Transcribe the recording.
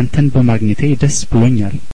አንተን በማግኘቴ ደስ ብሎኛል